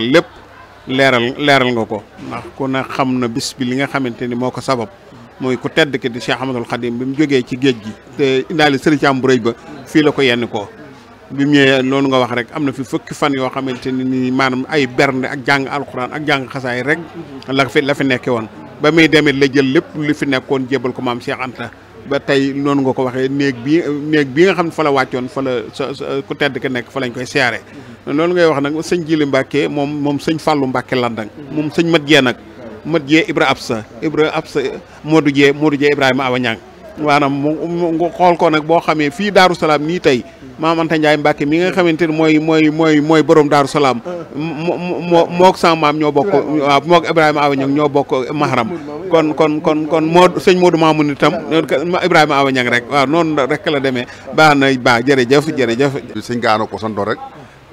lépp leeral leeral nga ko ndax ku ne xam na bis bi li nga xamante ni moo ko sabab mooy ku tedd ki di Cheikh Ahmadul Khadim bi mu jógee ci géej gi te indaale sëriñ Caam bu rëy ba fii la ko yenn ko bi mu ñëwee loolu nga wax rek am na fi fukki fan yoo xamante ne ni maanaam ay bernde ak jàng alxuraan ak jàng xasaay rek la fi la fi nekke woon ba muy demit la jël lépp li fi nekkoon jébbal ko maam Cheikh Anta ba tey noonu nga ko waxee néeg bi néeg bi nga xam ne fa la wàccoon fa la sa ku tedd ki nekk fa lañ koy siyaare loolu ngay wax nag sëñ Jili Mbàkke moom moom sëñ Fàllu Mbàkke Landang moom sëñ Mat Jee nag Mat Jee Ibra Absa Ibra Absa Modou Jee Modou Jee Ibrahima Awa Ñang maanaam mu xool ko nag boo xamee fii Daaru Salaam nii tey maam Anta Ndiaye Mbacke mi nga xamante ni mooy mooy mooy mooy borom Daaru Salaam moo mook sama ñoo bokk waaw mook Ibrahima ñoo bokk mahram kon kon kon kon moo sëñ Modou Mamoun itam Ibrahima Awañang rek waaw rek la demee baa na baa jërëjëf jërëjëf sëñ gaano ko santo rek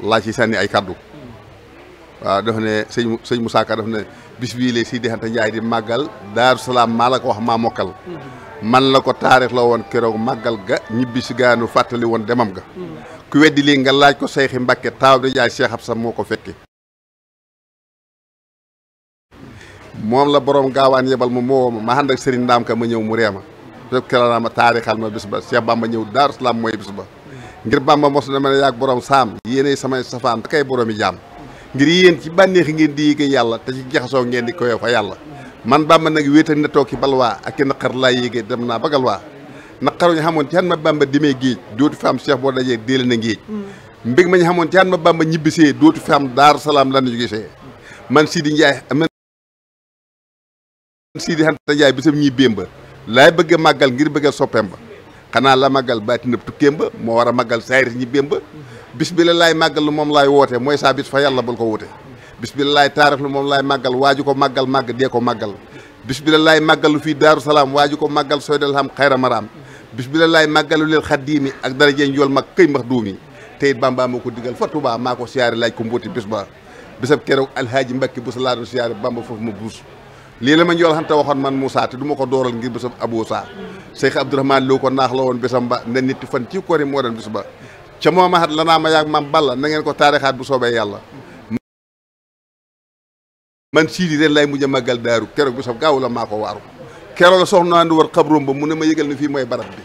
la ci sanni ay kaddu wa daf ne seigne seigne Moussa Ka daf ne bis bi le Sidi hanta Ndiaye di magal dar salam mala ko wax ma mokal man la ko tarikh la won kero magal ga ñibbi ci gaanu fatali won demam ga ku weddi li nga laaj ko cheikh Mbàkke taaw bi Cheikh Absa moko fekke mom la borom gawan yebal mo mom ma hand ak Serigne ndam ka ma ñew mu reema kala na ma tarikhal ma bis ba Cheikh Bamba ñew dar salam moy bis ngir bàmba mos na mën a yàgg borom saam yéenay samay safaan kay boromi jaam ngir yéen ci bànneexi ngeen di yéege yàlla te ci jaxasoo ngeen di koyoo fa yàlla man bàmba nag wéet ak na toog ci balwaa ak i naqar laa yéege dem naa ba galwaa naqaruñu xamoon ci han ma bàmba dimee géej dootu fa am cheikh boo dajee déele na ngéej ma ñu xamoon ci han ma bàmba ñibbisee dootu fa am daaru salaam lan ñu gisee man Sidi Ndiaye man Sidi Anta Ndiaye bisam ñi bémba laay bëgg màggal ngir bëgg soppeem ba xanaa la màggal baatinab tukkeem ba moo war a màggal saayir ñibbeem ba bis bi la laay màggal lu moom laay woote mooy saa bis fa yàlla bul ko wute bis bi la laay taarix lu moom lay màggal waaju ko màggal màgg dee ko màggal bis bi la laay màggal lu fii daaru salaam waaju ko màggal soydal xam xayra maraam bis bi la laay màggalu leel xaddiimi ak darajeeñ yool mag këy max duumi te it bamba moo ko digal fa Tuubaa maa ko siyaare laaj ko mbóoti bis ba bisab keroog alhaaji mbakki bu sa laa doon siyaare bamba foofu ma buus lii la ma njool xam te waxoon man Moussa te du ko dooral ngir bisab aboo saa Cheikh Abdourahmane Lo ko naax la woon bisam ba ne nit fan ci kori moo doon bis ba ca moom axat lanaa ma yaag maam Balla na ngeen ko taarixaat bu soobee yàlla man siidi ren lay mujj a màggal daaru keroog bisam gaaw la maa ko waaru keroog soxna ndu war xab ba mu ne ma yëgal ne fii mooy barab bi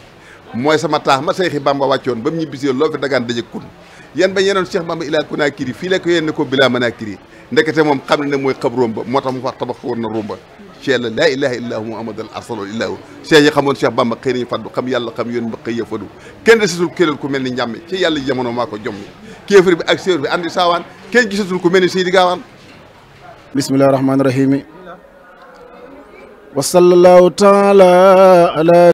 mooy sama taax ma Seexi Bamba wàccoon ba mu ñibbisee loo fi dagaan dajëg kun yan ba yenoon Cheikh Bamba ilaa Konaakiri fii la ko yéen ne ko bilaa Manaakiri ndekete moom xam ne ne mooy xabroom ba moo tax mu wax tabax woon na rumba cheikh la laa ilaha illa hu muhammadan arsalu illahu cheikh yi xamoon cheikh bamba xëy nañu faddu xam yàlla xam yoon ba xëy ya faddu kenn gisatul kéréel ku mel ni njàmme ci yàlla jamono maa ko jomm kéefar bi ak séer bi andi saawaan kenn gisatul ku mel ni seydi gaawaan bismillahi rahmaani rahim wa sallallahu taala ala